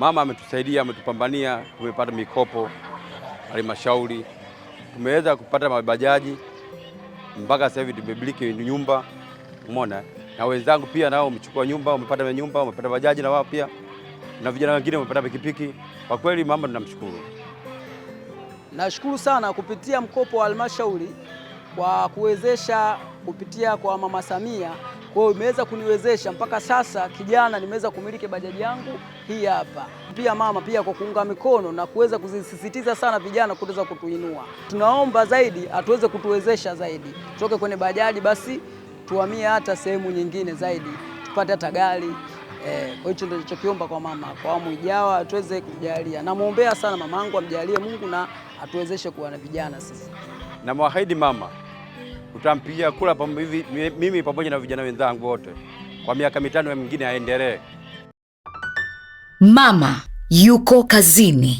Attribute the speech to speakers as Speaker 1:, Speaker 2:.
Speaker 1: Mama ametusaidia, ametupambania, tumepata mikopo halmashauri, tumeweza kupata mabajaji mpaka sasa hivi tumebiliki nyumba, umeona. Na wenzangu pia nao wamechukua nyumba, wamepata nyumba, wamepata bajaji na wao pia, na vijana wengine wamepata pikipiki. Kwa kweli mama tunamshukuru.
Speaker 2: Nashukuru sana kupitia mkopo wa halmashauri kwa kuwezesha kupitia kwa Mama Samia kwa hiyo imeweza kuniwezesha mpaka sasa kijana, nimeweza kumiliki bajaji yangu hii hapa. Pia mama pia kwa kuunga mikono na kuweza kuzisisitiza sana vijana kuweza kutuinua, tunaomba zaidi atuweze kutuwezesha zaidi, tutoke kwenye bajaji basi tuhamie hata sehemu nyingine zaidi, tupate hata gari. Eh, kwa hicho ndio nilichokiomba kwa mama kwa awamu ijawa atuweze kujalia. Namwombea sana mamangu amjalie Mungu na atuwezeshe kuwa na vijana sisi.
Speaker 1: namwahidi mama tutampigia hivi mimi pamoja na vijana wenzangu wote kwa miaka mitano mingine aendelee. Mama yuko kazini.